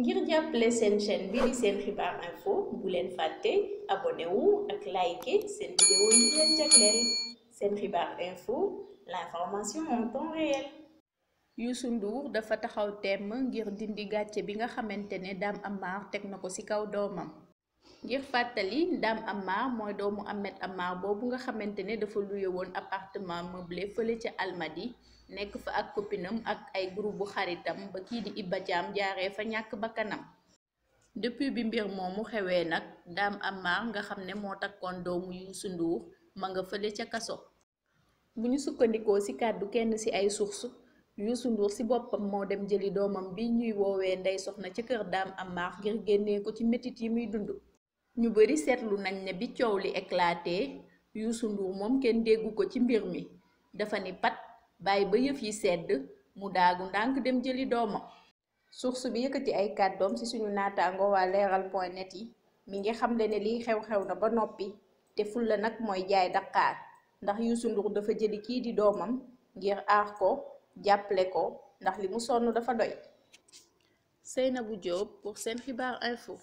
ngir jàppale seen chaîne bi di seen xibaar info bu leen fàtte abonné ak like seen vidéo seen xibaar info l'information en réel. Youssou Ndour dafa taxaw temm ngir dindi gàcce bi nga xamante ne Dame Amar teg na ko ci kaw doomam. ngir fàttali Dame Amar mooy doomu Ahmed Amar boobu nga xamante ne dafa luye woon appartement meublé fële ca Almadies nekk fa ak copinam ak ay groupe xaritam ba kii di Iba Thiam jaaree fa ñàkk bakkanam depuis bi mbir moomu xewee nag Dame Amar nga xam ne moo takkoon doomu Youssou Ndour ma nga fële ca kaso bu ñu sukkandikoo ci kàddu kenn ci ay source Youssou Ndour ci boppam moo dem jëli doomam bi ñuy woowee ndey soxna ca kër Dame Amar ngir génnee ko ci metit yi muy dund ñu bari seetlu nañ ne bi coow li éclaté Youssou Ndour moom kenn déggu ko ci mbir mi dafa ne pat baay ba yëf yi sedd mu daagu ndànk dem jëli doomam source bi yëkkati ay kàddoom ci suñu naataango waa leeral point net yi mi ngi xamle ne liy xew-xew na ba noppi te fulla nag mooy jaay daqaar ndax Youssou Ndour dafa jëli kii di doomam ngir aar ko jàppale ko ndax li mu sonn dafa doy Seynabou Diop pour seen xibaar info